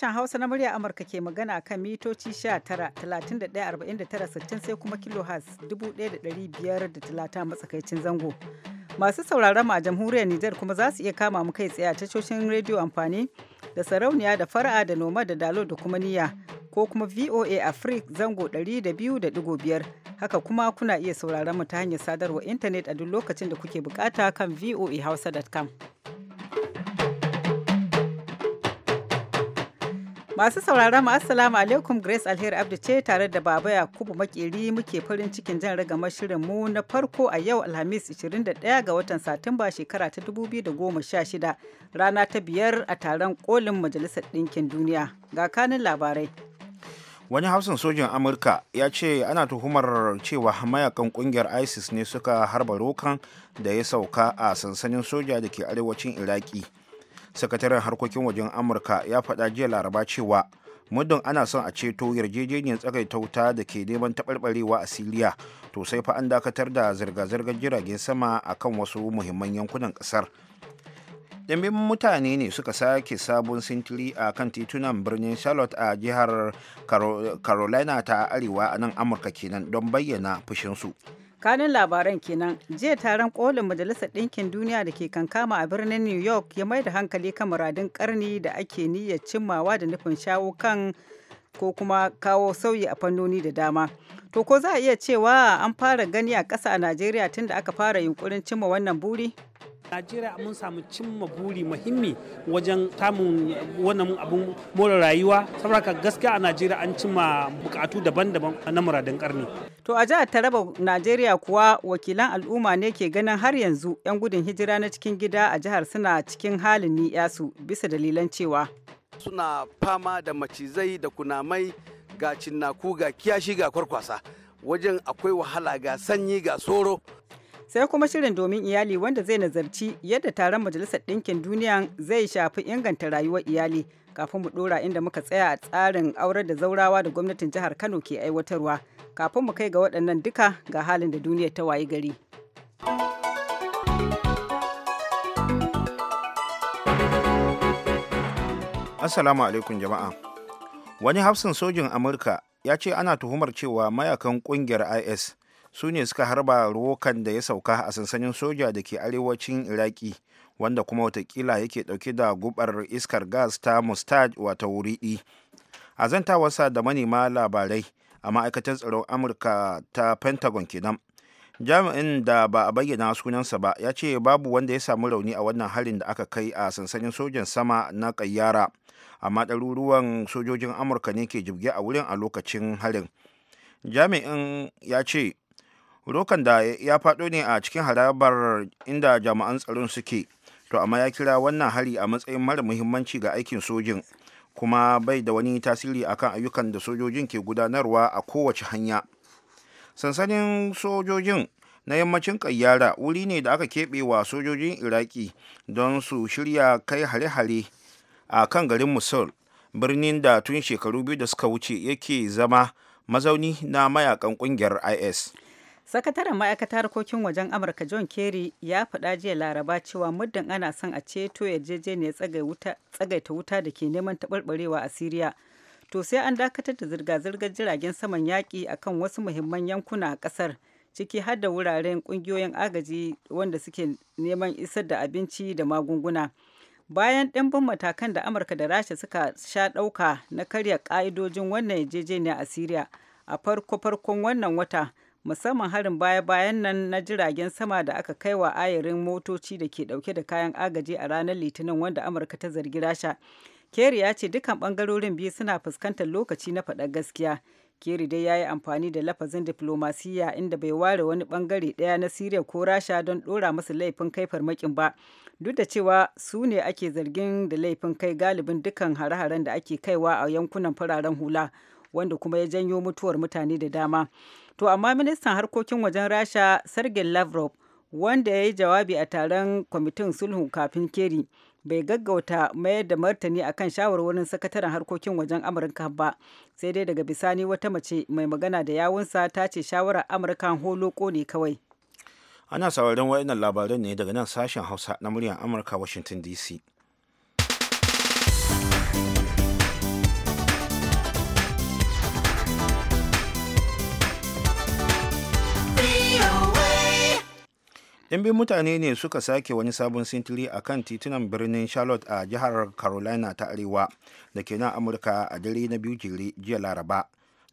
Sashen Hausa na murya Amurka ke magana kan mitoci 19, 31, sai kuma da 1530 matsakaicin zango. Masu sauraron mu a jamhuriyar Nijar kuma za su iya kama mu kai tsaye a tashoshin rediyo amfani da sarauniya da fara'a da noma da dalo da kuma niya ko kuma VOA Africa zango 200.5 haka kuma kuna iya sauraron mu ta hanyar sadarwa intanet a duk lokacin da kuke bukata kan voahausa.com. Masu sauraron mu assalamu alaikum Grace Alheri Abdu ce tare da Baba Yakubu Makeri muke farin cikin jan ragama shirin mu na farko a yau Alhamis 21 ga watan Satumba shekara ta 2016 rana ta biyar a taron kolin Majalisar dinkin Duniya. Ga kanin labarai. Wani hausan sojin Amurka ya ce ana tuhumar cewa mayakan kungiyar ISIS ne suka harba rokan da ya sauka a sansanin soja da ke arewacin Iraki. sakataren harkokin wajen amurka ya faɗa jiya laraba cewa muddin ana son a ceto yarjejeniyar tsagaita wuta da ke neman taɓarɓarewa a siriya to sai fa an dakatar da zirga-zirgar jiragen sama a kan wasu muhimman yankunan ƙasar ɗimbin mutane ne suka sake sabon sintiri a kan titunan birnin charlotte a jihar carolina ta arewa a nan amurka kenan don bayyana fushinsu. kanin labaran kenan jiya taron kolin majalisar ɗinkin duniya da ke kankama a birnin new york ya mai da hankali kan muradun karni da ake niyyar cimmawa da nufin shawo kan ko kuma kawo sauyi a fannoni da dama. To ko za a iya cewa an fara gani a ƙasa a Najeriya tun da aka fara yunkurin cimma wannan buri? Najeriya mun samu cimma buri muhimmi wajen tamun wannan abun more rayuwa saboda gaskiya a Najeriya an cimma bukatu daban-daban na muradin karni. To a jihar Taraba Najeriya kuwa wakilan al'umma ne ke ganin har yanzu 'yan gudun hijira na cikin gida a jihar suna cikin halin ni'yasu bisa dalilan cewa suna fama da macizai da kunamai ga cinnaku ga kiyashi ga kwarkwasa wajen akwai wahala ga sanyi ga soro sai kuma shirin domin iyali wanda zai nazarci yadda taron majalisar ɗinkin duniya zai shafi inganta rayuwar iyali kafin mu ɗora inda muka tsaya a tsarin aurar da zaurawa da gwamnatin jihar kano ke aiwatarwa kafin mu kai ga waɗannan duka ga halin da duniya ta wayi gari. Assalamu alaikum jama'a. Wani hafsin sojin Amurka ya ce ana tuhumar cewa mayakan kungiyar IS su ne suka harba rokan da ya sauka a sansanin soja da ke arewacin Iraki wanda kuma watakila yake dauke da gubar iskar gas ta mustad wata wuri wuri'i. A wasa da manema labarai a ma'aikatar tsaron Amurka ta Pentagon kenan. jami'in da ba a bayyana sunansa ba ya ce babu wanda ya samu rauni a wannan harin da aka kai a sansanin sojan sama na kayyara amma ɗaruruwan sojojin amurka ne ke jibge a wurin a lokacin harin jami'in ya ce rokan da ya faɗo ne a cikin harabar inda jami'an tsaron suke to amma ya kira wannan hari a matsayin mara muhimmanci ga aikin sojin kuma bai da wani tasiri akan ayyukan da sojojin ke gudanarwa a kowace hanya sansanin sojojin na yammacin kayyara wuri ne da aka keɓe wa sojojin iraki don su shirya kai hare-hare a kan garin musul birnin da tun shekaru biyu da suka wuce yake zama mazauni na mayakan kungiyar is sakataren ma'aikatar harkokin wajen amurka john kerry ya faɗa jiya laraba cewa muddin ana son a ceto yarjejeniyar tsagaita wuta da ke neman taɓarɓarewa a siriya to sai an dakatar da zirga-zirgar jiragen saman yaƙi akan wasu muhimman yankuna a ƙasar ciki har da wuraren ƙungiyoyin agaji wanda suke neman isar da abinci da magunguna. bayan ɗimbin matakan da amurka da rasha suka sha ɗauka na karya ƙa'idojin wannan yarjejeniya a syria a farko-farkon wannan wata musamman harin baya-bayan nan na jiragen sama da aka kai wa ayarin motoci da ke ɗauke da kayan agaji a ranar litinin wanda amurka ta zargi rasha keri ya ce dukkan ɓangarorin biyu suna fuskantar lokaci na faɗar gaskiya Keri dai ya yi amfani da lafazin diflomasiyya inda bai ware wani bangare ɗaya na Siriya ko Rasha don ɗora musu laifin kai farmakin ba, duk da cewa su ne ake zargin da laifin kai galibin dukkan hare-haren da ake kaiwa a yankunan fararen hula, wanda kuma ya janyo mutuwar mutane da dama. To amma ministan harkokin wajen Rasha Sergei Lavrov, wanda ya yi jawabi a taron kwamitin sulhu kafin Keri, bai gaggauta mayar da martani a kan shawarwarin sakataren harkokin wajen amurka ba sai dai daga bisani wata mace mai magana da yawunsa ta ce shawarar amurka holo ne kawai ana sauraron waɗannan labaran ne daga nan sashen hausa na muryar amurka washington dc ɗimbin mutane ne suka sake wani sabon sintiri a kan titunan birnin charlotte a jihar carolina ta arewa da ke nan amurka a dare na biyu jere jiya laraba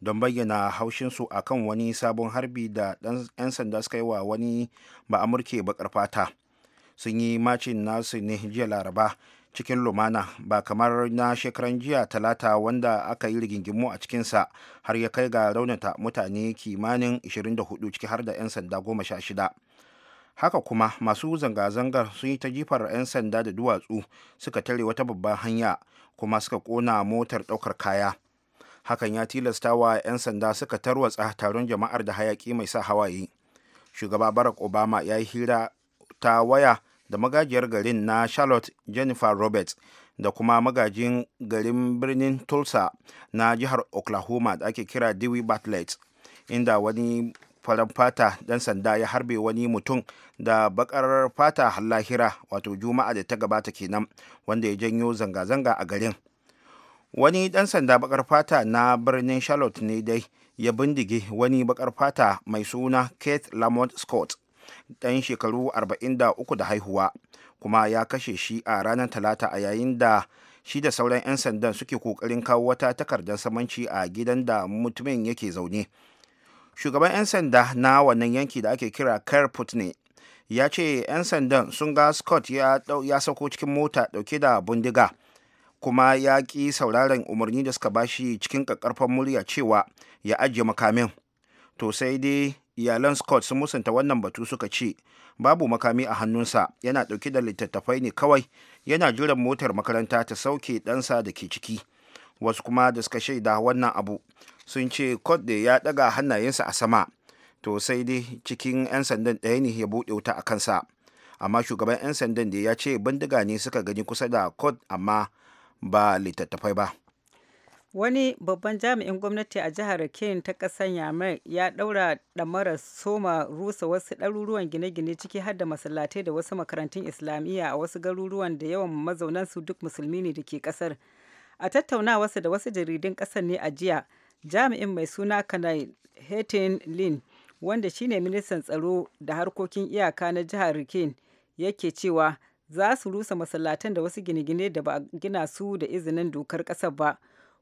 don bayyana haushinsu a kan wani sabon harbi da 'yan sanda suka yi wa wani ba amurke bakar fata sun yi macin nasu ne jiya laraba cikin lumana ba kamar na shekaran jiya talata wanda aka yi rigingimu a cikinsa har ya kai ga raunata mutane kimanin 24 ciki har da 'yan sanda 16 haka kuma masu zanga-zangar sun yi ta jifar 'yan sanda da duwatsu suka tare wata babban hanya kuma suka kona motar ɗaukar kaya hakan ya tilasta wa 'yan sanda suka tarwatsa taron jama'ar da hayaki mai sa hawaye shugaba barack obama ya yi hira ta waya da magajiyar garin na charlotte jennifer roberts da kuma magajin garin birnin tulsa na jihar oklahoma da ake kira dewey bartlett inda wani farar fata dan sanda ya harbe wani mutum da bakar fata lahira wato juma'a da ta gabata kenan wanda ya janyo zanga-zanga a garin wani dan sanda bakar fata na birnin charlotte ne dai ya bindige wani bakar fata mai suna keith lamont scott dan shekaru 43 da haihuwa kuma ya kashe shi a ranar talata a yayin da shi da sauran 'yan sandan suke kokarin kawo wata takardar samanci a gidan da mutumin yake zaune shugaban 'yan sanda na wannan yanki da ake kira Kerr Putney ya ce 'yan sandan sun ga scott ya sauko cikin mota dauke da bindiga kuma ya ƙi sauraron umarni da suka bashi cikin ƙaƙƙarfan murya cewa ya ajiye makamin to sai dai iyalan scott sun musanta wannan batu suka ce babu makami a hannunsa yana dauke da littattafai ne kawai yana jiran motar makaranta ta sauke ɗansa da ke ciki wasu kuma da suka shaida wannan abu sun ce da ya ɗaga hannayensa a sama to sai dai cikin 'yan sandan ɗaya ne ya buɗe wuta a kansa amma shugaban 'yan sandan da ya ce bindiga ne suka gani kusa da kot amma ba littattafai ba wani babban jami'in gwamnati a jihar Kane ta kasan Yamai ya ɗaura ɗamara soma rusa wasu ɗaruruwan gine-gine ciki har da masallatai da wasu makarantun Islamiyya a wasu garuruwan da yawan mazaunan su duk musulmi ne da ke ƙasar. A tattaunawarsa da wasu jaridun ƙasar ne a jiya, jami'in mai suna Kanai Hetin Lin wanda shine ministan tsaro da harkokin iyaka na jihar rikin yake cewa za su rusa masallatan da wasu gine-gine da ba a gina su da izinin dokar ƙasar ba.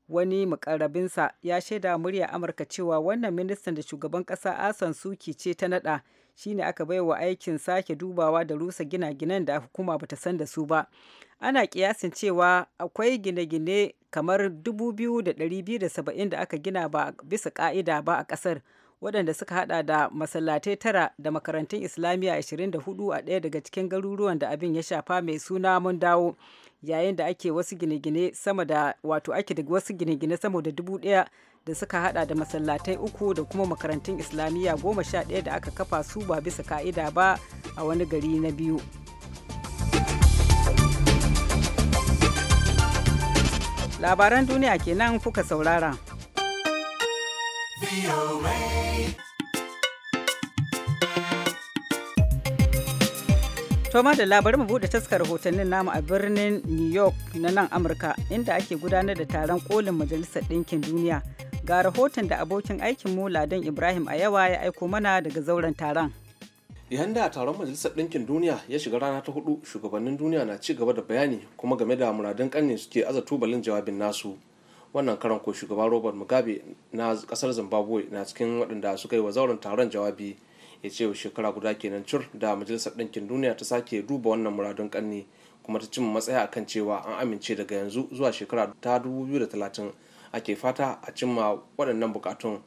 Wani mukarrabinsa ya shaida murya Amurka cewa wannan ministan da shugaban ƙasa Asan Suki ce ta naɗa shine aka bai wa aikin sake dubawa da rusa gina-ginen da hukuma bata san da su ba. Ana kiyasin cewa akwai gine-gine kamar 2,270 da aka gina ba bisa ka'ida ba a ƙasar. waɗanda suka hada da masallatai tara da makarantun islamiyya 24 a ɗaya daga cikin garuruwan da abin ya shafa mai suna mun dawo yayin da ake wasu gine-gine sama da wato ake da wasu gine-gine sama da dubu ɗaya da suka hada da masallatai uku da kuma makarantun islamiyya goma sha ɗaya da aka kafa su ba bisa ka'ida ba a wani gari na biyu labaran duniya kenan kuka saurara. Toma da labarin mu bude taskar rahotannin namu a birnin New York na nan Amurka inda ake gudanar da taron kolin Majalisar Ɗinkin Duniya. Ga rahoton da abokin aikin mu Ladan Ibrahim a yawa ya aiko mana daga zauren taron. yayin da taron majalisar ɗinkin duniya ya shiga rana ta hudu shugabannin duniya na ci gaba da bayani kuma game da muradun ƙarni suke aza tubalin jawabin nasu wannan karan ko shugaban robert mugabe na kasar zimbabwe na cikin waɗanda suka yi wa zauren taron jawabi ya ce shekara guda kenan cur da majalisar ɗinkin duniya ta sake duba wannan muradun ƙanni kuma ta cimma matsaya akan cewa an amince daga yanzu zuwa shekara ta 2030 ake fata a cimma waɗannan bukatun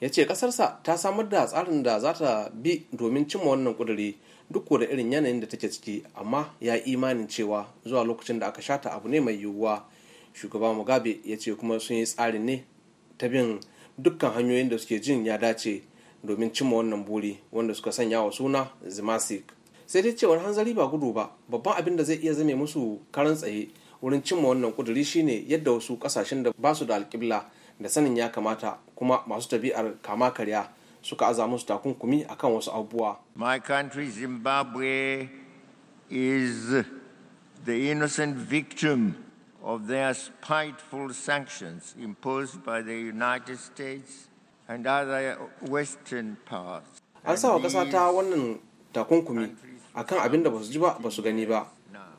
ya ce ƙasarsa ta samar da tsarin da za ta bi domin cimma wannan kuduri duk da irin yanayin da take ciki amma ya imanin cewa zuwa lokacin da aka shata abu ne mai yiwuwa shugaba mugabe ya ce kuma sun yi tsarin ne ta bin dukkan hanyoyin da suke jin ya dace domin cimma wannan buri wanda suka sanya wa suna zimasik sai dai cewar hanzari ba gudu ba babban abin da zai iya zame musu karan tsaye wurin cimma wannan kuduri shine yadda wasu kasashen da ba su da alkibla da sanin ya kamata kuma masu tabi'ar kama karya suka aza musu takunkumi akan wasu abubuwa my country zimbabwe is the innocent victim of their spiteful sanctions imposed by the United States and other Western powers. An sa wa ƙasa ta wannan takunkumi a kan abin da ba su ji ba ba su gani ba,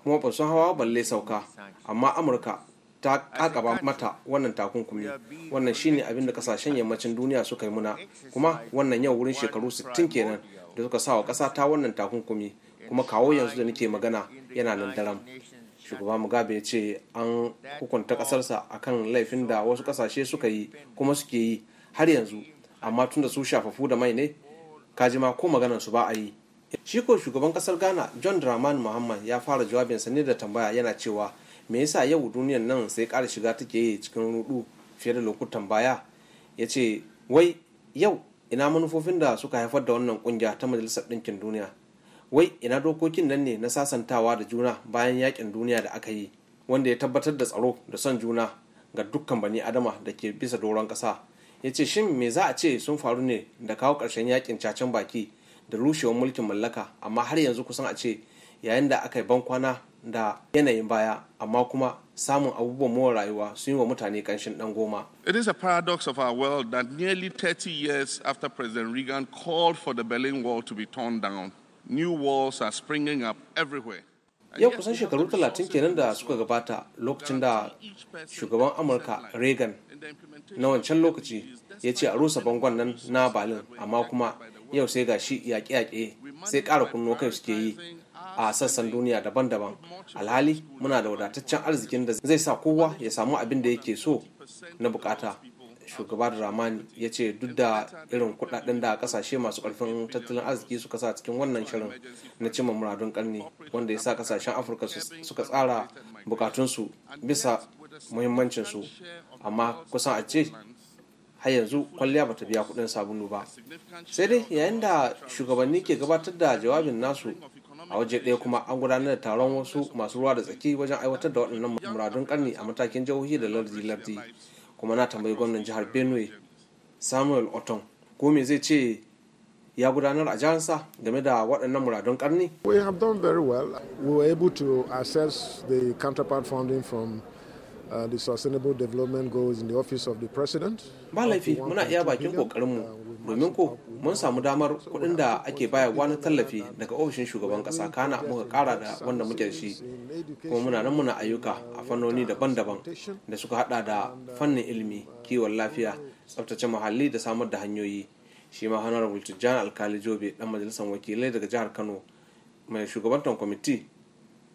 kuma ba su hawa balle sauka, amma Amurka ta ƙaƙaba mata wannan takunkumi wannan shine abin da kasashen yammacin duniya suka yi muna kuma wannan yau wurin shekaru 60 kenan da suka sa wa ƙasa ta wannan takunkumi kuma kawo yanzu da nake magana yana nan daram shugaba mugabe ya ce an hukunta kasarsa akan laifin da wasu kasashe suka yi kuma suke yi har yanzu amma tunda su shafafu da mai ne kajima ko maganar su ba a yi shi ko shugaban kasar ghana john draman muhammad ya fara jawabinsa ne da tambaya yana cewa me yasa yau duniyar nan sai kara shiga take yi cikin rudu fiye da lokutan baya ya ce wai yau ina manufofin da suka haifar da wannan kungiya ta majalisar ɗinkin duniya wai ina dokokin nan ne na sasantawa da juna bayan yakin duniya da aka yi wanda ya tabbatar da tsaro da son juna ga dukkan bani adama da ke bisa doron ƙasa ya ce shin me za a ce sun faru ne da kawo ƙarshen yakin cacen baki da rushewar mulkin mallaka amma har yanzu kusan a ce yayin da aka yi bankwana da yanayin baya amma kuma samun abubuwan more rayuwa sun yi wa mutane kanshin dan goma. It is a paradox of our world that nearly 30 years after President Reagan called for the Berlin Wall to be torn down, new walls are springing Yau kusan shekaru talatin kenan da suka gabata lokacin da shugaban Amurka Reagan na wancan lokaci ya ce a rusa bangon nan na Berlin amma kuma yau sai ga shi yaƙe-yaƙe sai ƙara kunno kai suke yi a sassan duniya daban-daban alhali muna da wadataccen arzikin da zai sa kowa ya samu abin da yake so na bukata shugaba Rahman ya ce duk da irin kudaden da kasashe masu karfin tattalin arziki suka sa cikin wannan shirin na cimma muradun karni wanda ya sa kasashen Afirka suka tsara bukatunsu bisa muhimmancinsu amma kusan a ce har yanzu kwalliya ba ta biya kudin sabulu ba sai dai yayin da shugabanni ke gabatar da jawabin nasu a waje ɗaya kuma an gudanar da taron wasu masu ruwa da tsaki wajen aiwatar da waɗannan muradun karni a matakin jihohi da lardi-lardi kuma na tambayi gwamnan jihar benue samuel otton ko me zai ce ya gudanar a jiharsa game da waɗannan muradun ƙarni. we have done very well we were able to access the counterpart funding from uh, the sustainable development goals in the office of the president ba laifi muna iya bakin mu. domin ko mun samu damar kuɗin da ake bayarwa na tallafi daga ofishin shugaban ƙasa kana muka ƙara da wanda muke da shi kuma muna nan muna ayyuka a fannoni daban-daban da suka hada da fannin ilimi kiwon lafiya tsaftace muhalli da samar da hanyoyi shi ma honorable tijjani alkali jobe dan majalisar wakilai daga jihar kano mai shugabantar kwamiti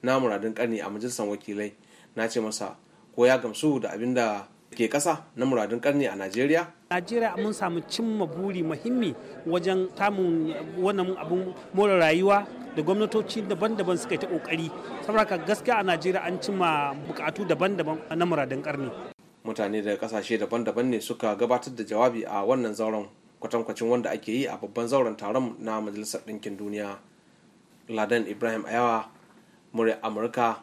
na muradin ƙarni a majalisar wakilai na ce masa ko ya gamsu da abin da ke kasa na muradun karni a Najeriya? Najeriya mun samu cimma buri muhimmi wajen tamun wannan abun more rayuwa da gwamnatoci daban-daban suka yi ta ƙoƙari. Saboda gaskiya a Najeriya an cimma bukatu daban-daban na muradun karni. Mutane daga ƙasashe daban-daban ne suka gabatar da jawabi a wannan zauren kwatankwacin wanda ake yi a babban zauren taron na Majalisar Ɗinkin Duniya. Ladan Ibrahim Ayawa, murya Amurka,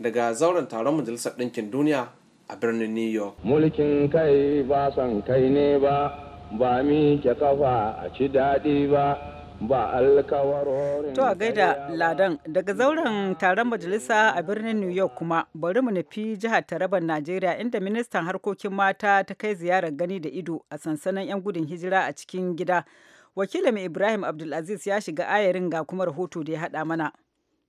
daga zauren taron Majalisar Ɗinkin Duniya a birnin new york mulkin kai ba son kai ne ba ba mi ke kafa a ci daɗi ba ba alkawarorin to a gaida ladan daga zauren taron majalisa a birnin new york kuma bari mu nufi jihar taraban najeriya inda ministan harkokin mata ta kai ziyarar gani da ido a sansanin 'yan gudun hijira a cikin gida wakilin ibrahim abdulaziz ya shiga ayarin ga kuma rahoto da ya haɗa mana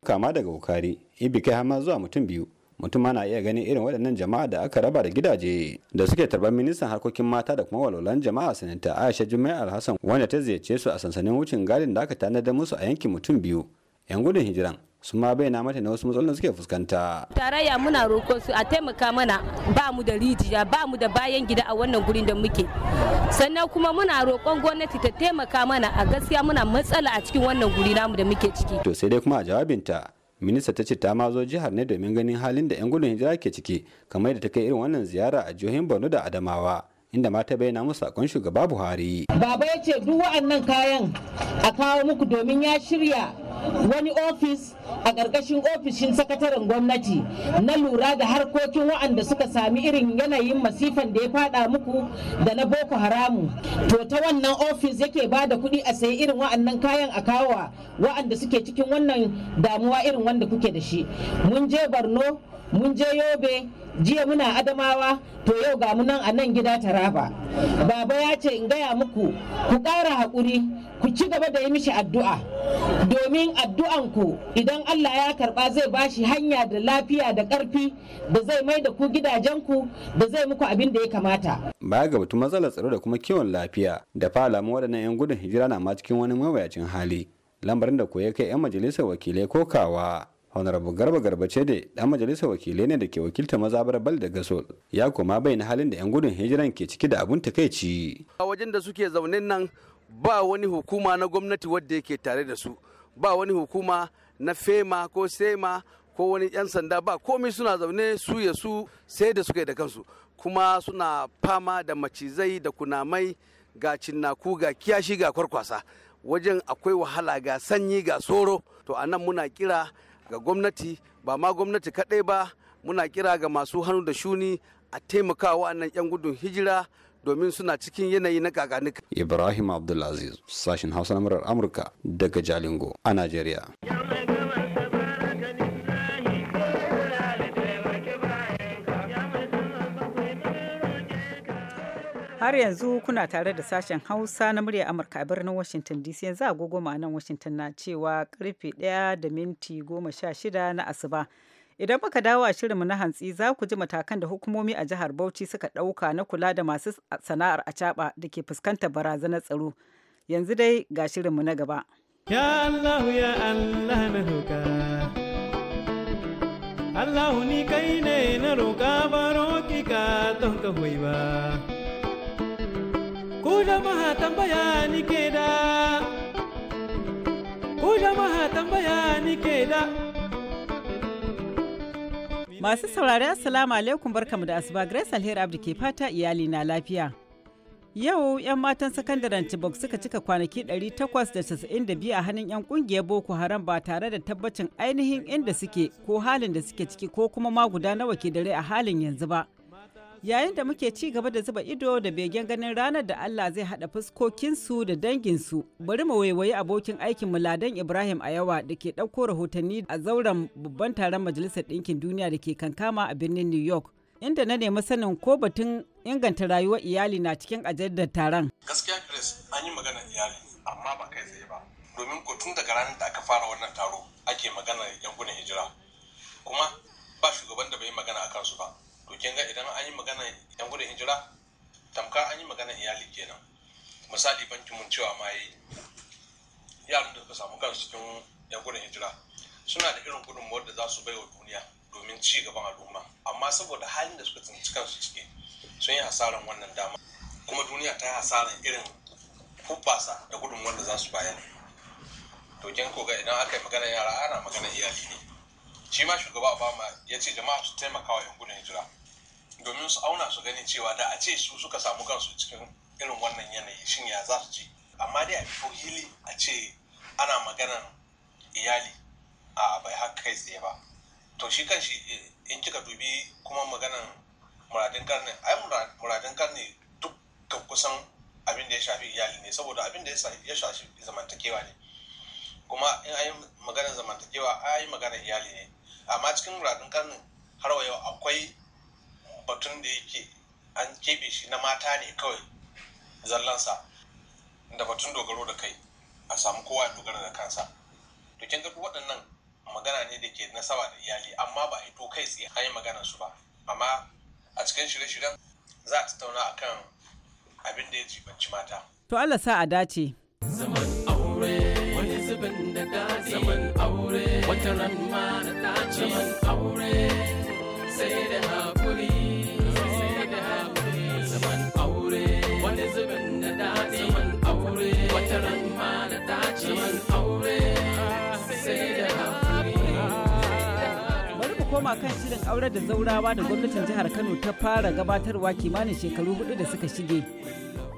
kama daga bukari ibi kai hama zuwa mutum biyu mutum na iya ganin irin waɗannan jama'a da aka raba da gidaje da suke tarban ministan harkokin mata da kuma walwalan jama'a sanata aisha jumai alhassan wanda ta ziyarce su a sansanin wucin gadin da aka tanadar musu a yankin mutum biyu yan gudun hijiran su ma bayyana mata na wasu matsalolin suke fuskanta. Tarayya muna roƙo su a taimaka mana ba mu da rijiya ba mu da bayan gida a wannan gurin da muke. Sannan kuma muna roƙon gwamnati ta taimaka mana a gaskiya muna matsala a cikin wannan guri namu da muke ciki. To sai dai kuma a jawabinta minista ta ce ta ma zo jihar ne domin ganin halin da 'yan gudun hijira ke ciki kamar da ta kai irin wannan ziyara a jihohin borno da adamawa inda mata bayyana musu sakon shugaba buhari baba ya ce duk wa'annan kayan a kawo muku domin ya shirya wani ofis a ƙarƙashin ofishin sakataren gwamnati na lura da harkokin wa'anda suka sami irin yanayin masifan da ya faɗa muku da na boko haramu to ta wannan ofis yake ba da kuɗi a sayi irin wa'annan kayan a kawowa wa'anda suke cikin wannan damuwa irin wanda kuke da shi mun je borno mun je yobe jiya muna adamawa to yau ga mu nan a nan gida taraba baba ya ce in gaya muku ku ƙara haƙuri ku ci gaba da yi mishi addu'a domin ku idan Allah ya karba zai bashi hanya da lafiya da ƙarfi da zai mai da ku gidajenku da zai muku abin da ya kamata. Baya ga batun matsalar tsaro da kuma kiwon lafiya da fa alamu waɗannan 'yan gudun hijira na ma cikin wani mawayacin hali lambarin da ko ya kai 'yan majalisar wakilai kokawa. honorable garba garba ce da dan majalisar wakilai ne da ke wakilta mazabar bal da gasol ya koma bayyana halin da yan gudun hijiran ke ciki da abun takaici a wajen da suke zaune nan ba wani hukuma na gwamnati wadda yake tare da su ba wani hukuma na fema ko sema ko wani yan sanda ba komai suna zaune su ya su sai da suke da kansu kuma suna fama da macizai da kunamai ga cinnaku ga kiyashi ga kwarkwasa wajen akwai wahala ga sanyi ga soro to anan muna kira ga gwamnati ba ma gwamnati kaɗai ba muna kira ga masu hannu da shuni a taimaka nan 'yan gudun hijira domin suna cikin yanayi na kakanika. Ibrahim Abdulaziz, sashen Hausa na murar Amurka daga Jalingo a Najeriya. Har yanzu kuna tare da sashen Hausa na murya Amurka a birnin Washington DC yanzu agogo ma'anan Washington na cewa karfe 1 da minti 16 na asuba. Idan muka dawo a shirinmu na hantsi za ku ji matakan da hukumomi a jihar Bauchi suka ɗauka na kula da masu sana'ar acaɓa da ke fuskantar barazanar tsaro. Yanzu dai ga shirinmu na gaba. Ya Allah ya Allah na ni kai ne na roƙa baro ki ka don ka ba. ku jama'a tambaya ni ke da ku jama'a tambaya ni ke da masu saurari assalamu alaikum barkamu da asuba grace alheri abdi ke fata iyali na lafiya yau 'yan matan sakandaren chibok suka cika kwanaki da 892 a hannun 'yan kungiyar boko haram ba tare da tabbacin ainihin inda suke ko halin da suke ciki ko kuma ma guda nawa ke dare a halin yanzu ba yayin da muke ci gaba da zuba ido da begen ganin ranar da Allah zai haɗa fuskokinsu da danginsu bari mu waiwayi abokin aikin mu Ladan Ibrahim a yawa da ke ɗauko rahotanni a zauren babban taron Majalisar Ɗinkin Duniya da ke kankama a birnin New York inda na nemi sanin ko batun inganta rayuwar iyali na cikin ajandar taron. Gaskiya Chris an yi magana iyali amma ba kai tsaye ba domin ko tun daga ranar da aka fara wannan taro ake magana yankunan hijira kuma ba shugaban da bai magana a kansu ba. kin ga idan an yi magana yan gudun hijira tamkar an yi magana iyali kenan misali bankin mun cewa ma yi yaran da suka samu kansu cikin yan gudun hijira suna da irin gudun da za su bai wa duniya domin ci gaban al'umma amma saboda halin da suka tsinci kansu ciki sun yi hasaran wannan dama kuma duniya ta yi hasaran irin hubbasa da gudun da za su bayar to koga idan aka yi magana yara ana magana iyali ne shi ma shugaba obama ya ce jama'a su taimaka wa yan gudun hijira domin su auna su gani cewa da a ce su suka samu kansu cikin irin wannan yanayi shin ya za su ji amma dai a fito hili a ce ana maganan iyali a bai haka kai tsaye ba to shi kan shi eh, in kika dubi kuma maganan muradin karni ai muradin karni duk ga kusan abin da ya shafi iyali ne saboda abin da ya shafi zamantakewa ne kuma in ayi maganar zamantakewa ayi maganar iyali ne amma cikin muradin karni har wa yau akwai batun da yake an keɓe shi na mata ne kawai zallansa da batun dogaro da kai a samu kowa ya dogara da kansa to kin ga waɗannan magana ne da ke nasaba da iyali amma ba hito kai tsaye an yi maganar su ba amma a cikin shirye-shiryen za a tattauna akan abin da ya jibanci mata to Allah sa a dace zaman aure wani zubin da zaman aure wata ran ma da dace zaman ran ma na dace aure sai da koma kan shirin aure da zaurawa da gwamnatin jihar Kano ta fara gabatarwa kimanin shekaru hudu da suka shige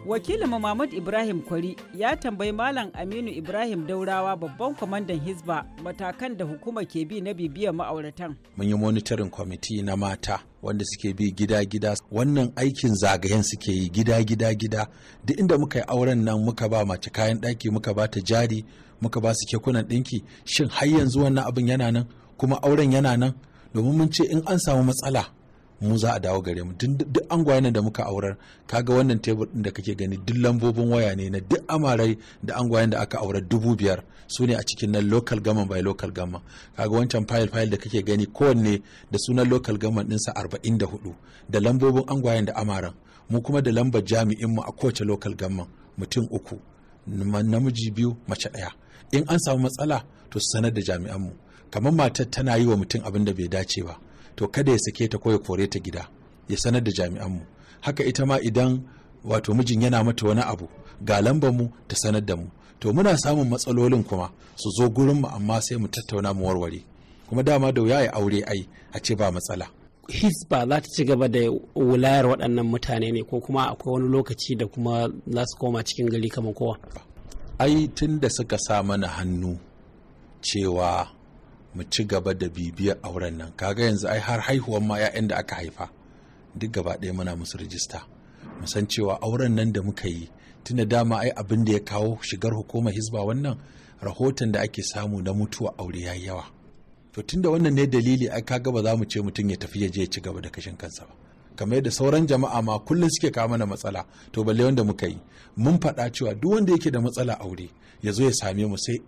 Wakilin mahmud ibrahim kwari ya tambayi malam aminu ibrahim daurawa babban kwamandan Hizba, matakan da hukuma ke bi na bibiyar ma'auratan mun yi monitoring kwamiti na mata wanda suke bi gida-gida wannan aikin zagayen suke yi gida-gida-gida duk inda muka yi auren nan muka ba mace kayan ɗaki muka ba ta jari muka ba su kekunan ɗinki shin har yanzu wannan abin yana nan kuma auren yana nan domin mun ce in an samu matsala mu za a dawo gare mu duk angwayen da muka aurar kaga wannan tebur din da kake gani duk lambobin waya ne na duk amarai da angwayen da aka aurar dubu biyar su ne a cikin nan local government by local government kaga wancan file file da kake gani kowanne da sunan local government ɗinsa arba'in da hudu da lambobin angwayen da amaran mu kuma da lambar jami'in mu a kowace local government mutum uku namiji biyu mace ɗaya in an samu matsala to sanar da jami'an mu kamar matar tana yi wa mutum abin da bai dace ba to kada ya sake ta ko ya kore ta gida ya sanar da jami'anmu haka ita ma idan wato mijin yana mata wani abu ga lambar mu ta sanar da mu to muna samun matsalolin kuma su zo gurin mu amma sai mu tattauna mu warware kuma dama da wuya ya aure ai a ce ba matsala hisba za ta ci gaba da wulayar waɗannan mutane ne ko kuma akwai wani lokaci da kuma za su koma cikin gari kamar kowa ai tun da suka sa mana hannu cewa mu ci gaba da bibiyar auren nan kaga yanzu ai har haihuwar ma 'ya'yan da aka haifa duk gaba ɗaya muna musu rijista mu san cewa auren nan da muka yi tunda dama ai abin da ya kawo shigar hukumar hisba wannan rahoton da ake samu na mutuwa aure yayi yawa to tunda wannan ne dalili ai kaga ba za mu ce mutum ya tafi ya je ya ci gaba da kashin kansa ba kamar yadda sauran jama'a ma kullum suke kawo mana matsala to balle wanda muka yi mun faɗa cewa duk wanda yake da matsala aure ya zo ya same mu sai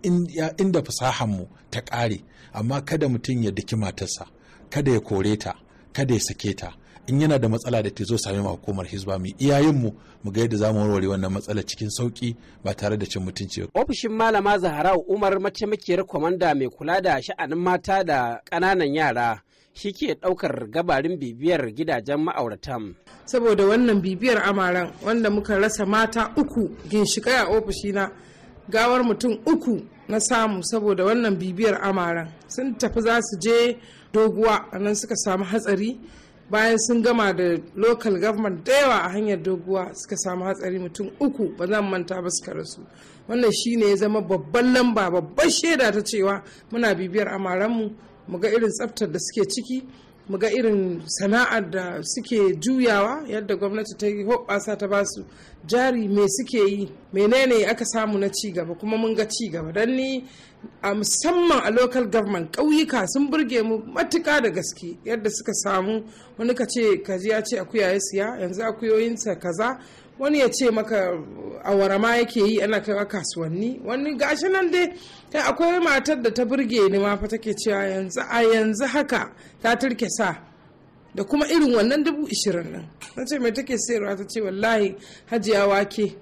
inda fasahan mu ta ƙare amma kada mutum ya diki matarsa kada ya kore ta kada ya sake ta in yana da matsala da ta zo sami mu hukumar hizba mu iyayen mu mu ga yadda zamu warware wannan matsala cikin sauki ba tare da cin mutunci ba ofishin malama zaharau umar mace makiyar kwamanda mai kula da sha'anin mata da ƙananan yara shi ke ɗaukar gabarin bibiyar gidajen ma'auratan. Saboda wannan bibiyar amaran wanda muka rasa mata uku ginshika a ofishina gawar mutum uku na samu saboda wannan bibiyar amaran sun tafi za su je doguwa nan suka samu hatsari bayan sun gama da local government da yawa a hanyar doguwa suka samu hatsari mutum uku ba zan manta ba suka rasu wannan shine ya zama babban lamba babban shaida ta cewa muna bibiyar amaranmu muga irin tsaftar da suke ciki muga irin sana'ar da suke juyawa yadda gwamnati ta yi hoɓasa ta basu jari me suke yi menene aka samu na ci gaba kuma mun ga ci gaba don ni a musamman a local government ƙauyuka sun burge mu matuka da gaske yadda suka samu wani ka ce kaji ya ce akuya ya siya yanzu akuyoyinsa kaza wani ya ce maka awara ma yake yi ana kai kasuwanni wani gashi nan dai akwai matar da ta burge ni ma fa take cewa yanzu a yanzu haka ta turke sa da kuma irin wannan dubu ishirin nan na ce mai take sayarwa ta ce wallahi hajiya wake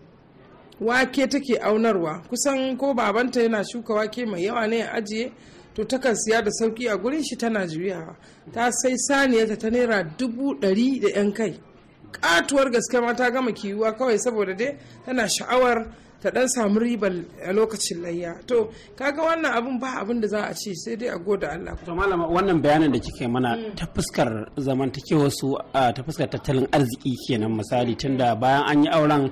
wake take aunarwa kusan ko babanta yana shuka wake mai yawa ne ya ajiye to takan siya da sauki a gurin shi tana juyawa ta sai saniyarta ta naira dubu ɗari da yan kai katuwar gaske ma ta gama kiwuwa kawai saboda dai tana sha'awar ta dan samu ribar a lokacin layya to kaga wannan abun ba abin da za a ce sai dai a goda Allah to malama wannan bayanin da kike mana mm. ta fuskar zamantakewar su ta fuskar tattalin arziki kenan misali tunda bayan an yi auren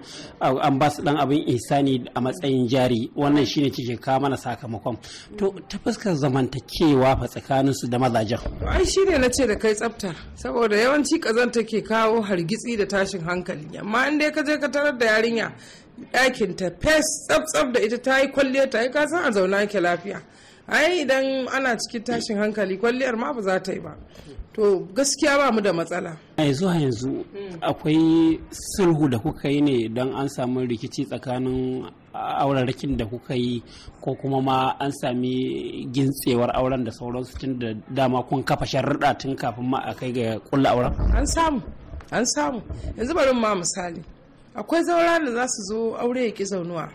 an ba su dan abin ihsani a matsayin jari wannan shine kike ka mana sakamakon to ta fuskar zamantakewa fa tsakanin su da mazajen ai shine na ce da kai tsafta saboda yawanci kazanta ke kawo hargitsi da tashin hankali amma in dai ka je ka tarar da yarinya ɗakin ta fes tsaf da ita ta yi kwalliya ta yi kasan a zauna ake lafiya ai idan ana cikin tashin hankali kwalliyar ma ba za ta yi ba to gaskiya ba mu da matsala yanzu yanzu akwai sulhu da kuka yi ne don an samu rikici tsakanin aurarakin da kuka yi ko kuma ma an sami gintsewar auren da sauransu tun da dama kun kafa sharuɗa tun kafin ma a kai ga kulla auren an samu an samu yanzu bari ma misali akwai zaura da za su zo aure ya ki zaunuwa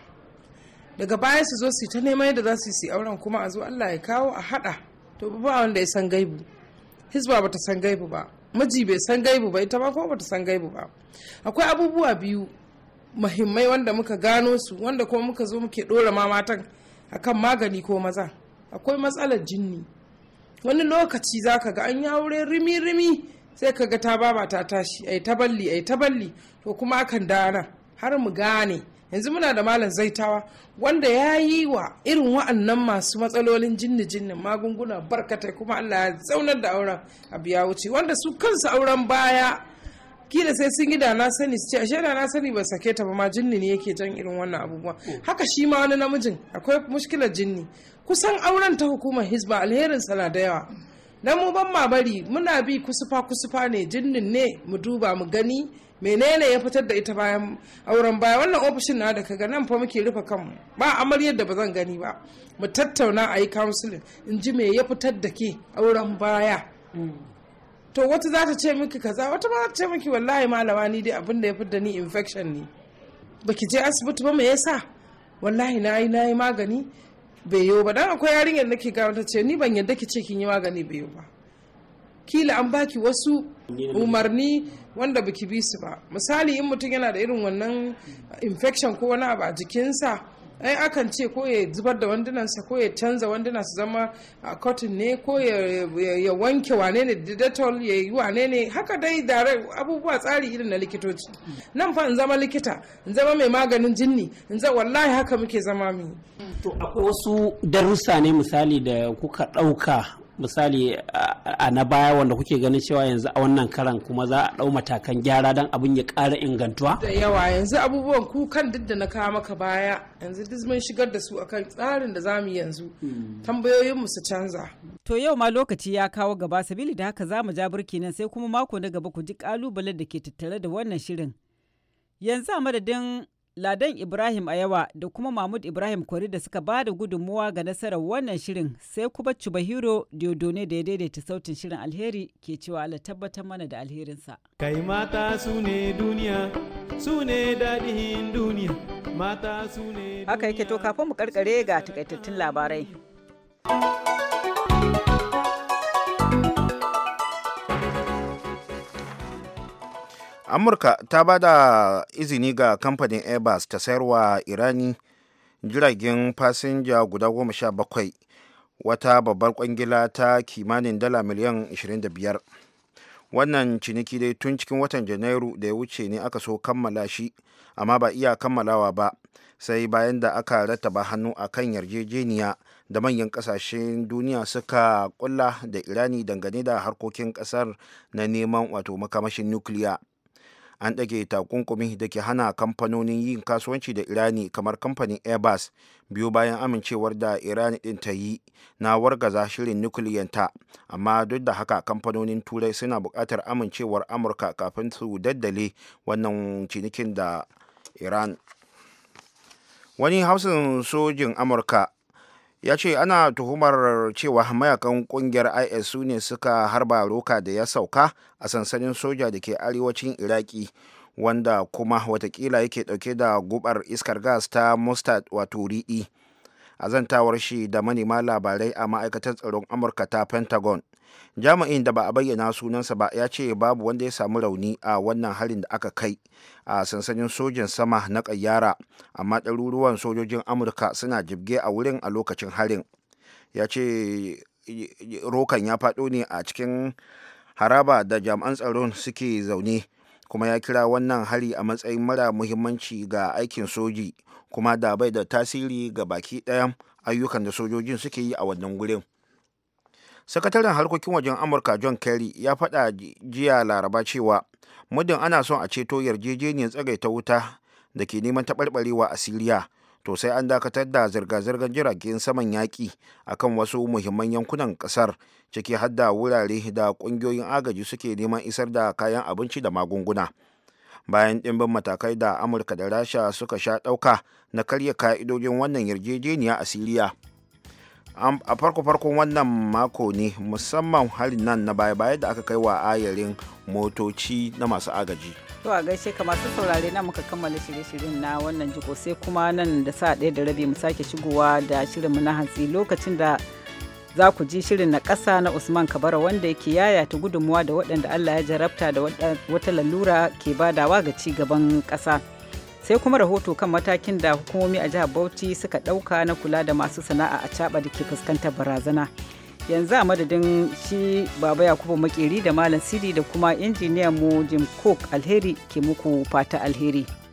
daga baya su zo su ta neman yadda za su yi auren kuma a zo allah ya kawo a hada to ba wanda ya san gaibu hisba bata san gaibu ba miji bai san gaibu ba ita ba kuma bata san gaibu ba akwai abubuwa biyu mahimmai wanda muka gano su wanda kuma muka zo muke dora ma matan akan magani ko maza akwai matsalar jinni wani lokaci zaka ga an yi aure rimi-rimi sai ka ga ta baba ta tashi ai ta balli ai ta balli to kuma akan dana har mu gane yanzu muna da malam zaitawa wanda ya yi wa irin wa'annan masu matsalolin jinni jinnin magunguna barkatai kuma allah ya zaunar da auren a ya wuce wanda su kansu auren baya kila sai sun yi da na sani su ce ashe da na sani ba sake ta ba ma jinni ne yake jan irin wannan abubuwa mm. haka shi ma wani namijin akwai mushkilar jinni kusan auren ta hukumar hisba alherin sana da yawa na mu ban ma bari muna bi kusufa kusufa ne jinnin ne mu duba mu gani menene ya fitar da ita bayan auren baya wannan ofishin na da kaga nan fa muke rufe kanmu ba amaryar da ba zan gani ba mu tattauna a yi counseling in ji me ya fitar da ke auren baya to wata za ta ce miki kaza wata ma za ta ce miki wallahi malama ni dai abin da ya fitar da ni infection ne baki je asibiti ba me yasa wallahi na na yi magani bai yiwu ba dan akwai yarinyar da ke gawo ta ce ni ban yadda ki ce kin yi magani bai yiwu ba kila an baki wasu umarni wanda baki bi su ba misali in mutum yana da irin wannan infection ko wani abu a jikinsa ai akan ce ko ya zubar da wandunansa ko ya canza wanduna su zama a kotun ne ko ya wanke wane ne dettol ya yi wane ne haka dai dare abubuwa tsari irin na likitoci nan fa in zama likita in zama mai maganin jinni in za wallahi haka muke zama mu to akwai wasu darussa ne misali da kuka ɗauka misali a na baya wanda kuke ganin cewa yanzu a wannan karan kuma za a ɗau matakan gyara don abin ya ƙara ingantuwa? da yawa yanzu abubuwan kukan duk da na kawo maka baya yanzu duk mun shigar da su akan tsarin da zamu yanzu hmm. tambayoyinmu su canza to yau ma lokaci ya kawo gaba sabili da haka zamu ja burki nan sai kuma mako na gaba ku ji ƙalubalen da ke tattare da wannan shirin yanzu a madadin Ladan Ibrahim Ayawa da kuma Mahmud Ibrahim Kwari da suka ba da gudunmuwa ga nasarar wannan shirin sai kuma Chubahiro Diodone da ya daidaita sautin shirin alheri ke cewa Allah tabbatar mana da alherinsa. Kai mata su ne duniya, su ne daɗin duniya, mata su ne duniya. Haka yake to kafin mu karkare ga takaitattun labarai. amurka ta ba da izini ga kamfanin airbus ta sayarwa irani jiragen fasinja guda goma sha bakwai wata babbar kwangila ta kimanin dala miliyan 25 wannan ciniki dai tun cikin watan janairu da ya wuce ne aka so kammala shi amma ba iya kammalawa ba sai bayan da aka rattaba hannu a kan yarjejeniya da manyan kasashen duniya suka kulla da irani dangane da harkokin kasar na neman wato makamashin nukiliya an ɗage takunkumi da ke hana kamfanonin yin kasuwanci da irani kamar kamfanin airbus biyu bayan amincewar da irani ɗin ta yi na wargaza shirin nukiliyanta amma duk da haka kamfanonin turai suna buƙatar amincewar amurka kafin su daddale wannan cinikin da iran wani hausin sojin amurka ya ce ana tuhumar cewa mayakan kungiyar is su ne suka harba roka da ya sauka a sansanin soja da ke arewacin iraki wanda kuma watakila yake dauke da gubar iskar gas ta mustard wato ri'i a zantawar shi da manema labarai a ma'aikatar tsaron amurka ta pentagon jami'in da ba a bayyana sunansa ba ya ce babu wanda ya samu rauni a wannan harin da aka kai a sansanin sojin sama na kayyara amma ɗaruruwan sojojin amurka suna jibge a wurin a lokacin harin ya ce rokan ya faɗo ne a cikin haraba da jami'an tsaron suke zaune kuma ya kira wannan hari a matsayin mara muhimmanci ga aikin soji kuma da bai da tasiri ga baki ɗayan ayyukan da sojojin suke yi a wannan gurin. sakataren harkokin wajen amurka john kerry ya faɗa jiya laraba cewa muddin ana son a ceto yarjejeniyar tsagaita wuta da ke neman taɓarɓarewa a siriya to sai an dakatar da zirga-zirgar jiragen saman yaƙi akan wasu muhimman yankunan ƙasar ciki har da wurare da ƙungiyoyin agaji suke neman isar da kayan abinci da magunguna bayan ɗimbin matakai da amurka da rasha suka sha ɗauka na karya ka'idojin wannan yarjejeniya a siriya a farko-farkon wannan mako ne musamman halin nan na baya-baya da aka kai wa ayarin motoci na masu agaji to a gaishe ka masu saurare na muka kammala shirye-shiryen na wannan jiko sai kuma nan da sa ɗaya da rabi mu sake shigowa da shirin mu na hantsi lokacin da za ku ji shirin na ƙasa na Usman Kabara wanda yake ta gudunmuwa da waɗanda Allah ya jarabta da wata lalura ke badawa ga ci gaban ƙasa. sai kuma rahoto kan matakin da hukumomi a jihar bauchi suka ɗauka na kula da masu sana'a a caba da ke fuskantar barazana yanzu a madadin shi baba yakubu makeri da malam sidi da kuma injiniyan mu jim cook alheri ke muku fata alheri